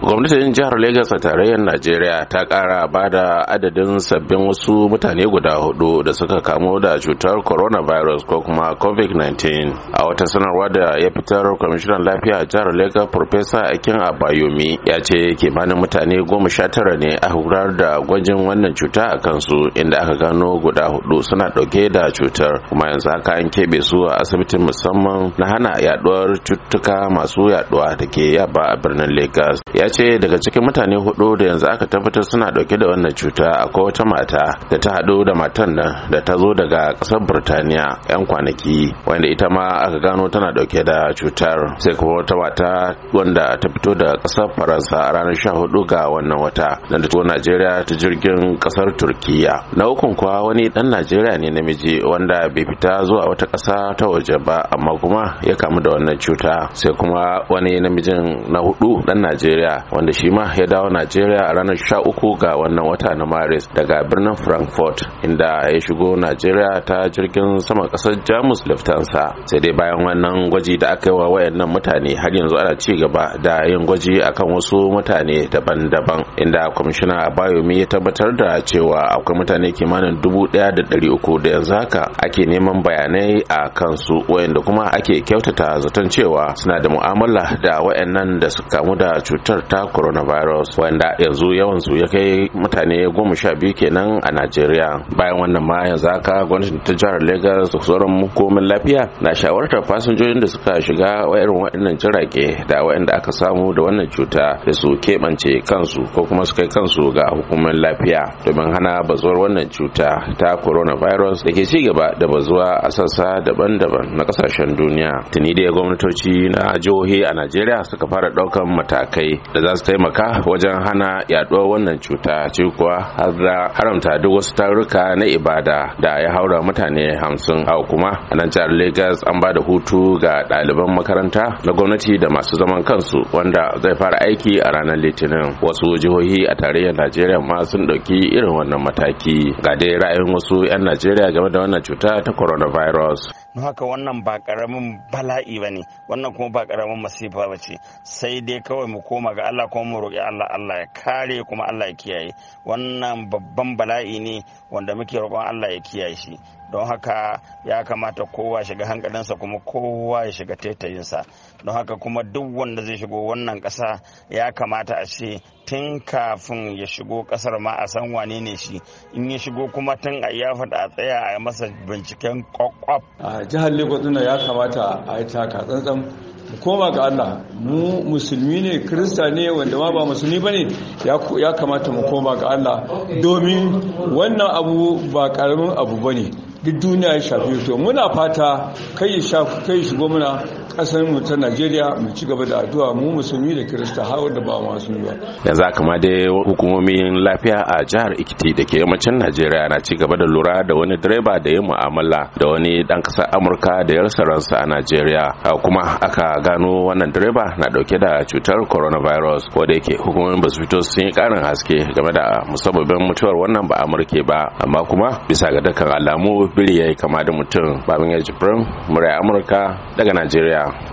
gwamnatin jihar Lagos a tarayyar najeriya ta kara ba da adadin sabbin wasu mutane guda hudu da suka kamo da cutar coronavirus ko kuma covid-19 a wata sanarwa da ya fitar kwamishinan lafiya a jihar Lagos Profesa akin abayomi ya ce kimanin mutane goma sha tara ne a horar da gwajin wannan cuta a kansu inda aka gano guda hudu suna dauke da cutar kuma yanzu haka an keɓe su a asibitin musamman na hana yaduwar cututtuka masu yaduwa da ke yaba a birnin Lagos. ya ce daga cikin mutane hudu da yanzu aka tabbatar suna dauke da wannan cuta akwai wata mata da ta haɗu da matan nan da ta zo daga kasar Birtaniya 'yan kwanaki wanda ita ma aka gano tana dauke da cutar sai kuma wata mata wanda ta fito da kasar Faransa a ranar 14 ga wannan wata da ta Najeriya ta jirgin ƙasar Turkiya na ukun kuwa wani dan Najeriya ne namiji wanda bai fita zuwa wata kasa ta waje ba amma kuma ya kamu da wannan cuta sai kuma wani namijin na hudu dan Najeriya Najeriya wanda shi ma ya dawo Najeriya a ranar 13 ga wannan wata na Maris daga birnin Frankfurt inda ya shigo Najeriya ta jirgin sama kasar Jamus Lufthansa sai dai bayan wannan gwaji da aka yi wa wayannan mutane har yanzu ana ci gaba da yin gwaji akan wasu mutane daban-daban inda kwamishina Abayomi ya tabbatar da cewa akwai mutane kimanin dubu ɗaya da ɗari uku da yanzu haka ake neman bayanai a kansu wayanda kuma ake kyautata zaton cewa suna da mu'amala da wayannan da suka kamu da cutar cutar ta coronavirus wanda yanzu yawan su ya kai mutane goma sha biyu kenan a najeriya bayan wannan ma yanzu haka gwamnatin ta jihar lagos da sauran hukumin lafiya na shawartar fasinjojin da suka shiga irin waɗannan jirage da waɗanda aka samu da wannan cuta da su keɓance kansu ko kuma su kai kansu ga hukumar lafiya domin hana bazuwar wannan cuta ta coronavirus da ke ci gaba da bazuwa a sassa daban-daban na ƙasashen duniya tuni da gwamnatoci na jihohi a najeriya suka fara ɗaukan matakai da za su taimaka wajen hana yaduwar wannan cuta ce kuwa har da haramta duk wasu taruka na ibada da ya haura mutane hamsin a kuma a nan jihar Legas an ba da hutu ga ɗaliban makaranta na gwamnati da masu zaman kansu wanda zai fara aiki a ranar litinin wasu jihohi a tarayyar Najeriya ma sun ɗauki irin wannan mataki ga dai ra'ayin wasu 'yan Najeriya game da wannan cuta ta coronavirus. don haka wannan ba karamin bala'i ba ne wannan kuma ba karamin masifa ba ce sai dai kawai mu koma ga Allah kuma mu roƙi Allah Allah ya kare kuma Allah ya kiyaye wannan babban bala'i ne wanda muke roƙon Allah ya kiyaye shi don haka ya kamata kowa shiga hankalinsa kuma kowa ya shiga taitayinsa don haka kuma duk wanda zai shigo wannan ƙasa ya kamata a ce tun kafin ya shigo ƙasar ma a san wane ne shi in ya shigo kuma tun a iya faɗa a tsaya a masa binciken kwakwaf jihar lagos ɗin ya kamata a yi taka tsantsan mu koma ga allah mu musulmi ne krista ne wanda ma ba musulmi ba ne ya kamata mu koma ga allah domin wannan abu ba karamin abu ba ne duk duniya ya shafi to muna fata kai kai shigo muna kasar mu ta Najeriya mu ci gaba da addu'a mu musulmi da Kirista har wanda ba masu ba yanzu haka ma dai hukumomin lafiya a jihar Ikiti da ke yammacin Najeriya na ci gaba da lura da wani direba da ya mu'amala da wani dan kasar Amurka da ya rasa ransa a Najeriya kuma aka gano wannan direba na dauke da cutar coronavirus ko da yake hukumomin basu fito sun yi karin haske game da musabbabin mutuwar wannan ba Amurke ba amma kuma bisa ga dukkan alamu biri ya yi kama da mutum babin ya jibrin murai amurka daga najeriya